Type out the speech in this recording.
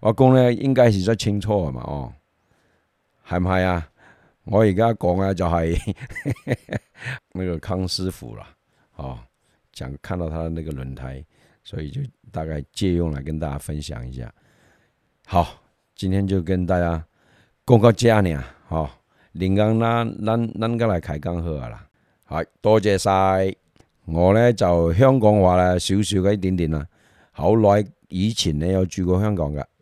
我講咧，應該是在清楚啊嘛，哦，係唔係啊？我而家講啊，就 係那個康師傅啦，哦，講看到他的那個輪胎，所以就大概借用來跟大家分享一下。好，今天就跟大家講個價呢，哈，林剛，咱咱咱個來開講好啦，係多謝晒我咧，就香港話啦，少少嘅一點點啦，好耐以前咧有住過香港噶。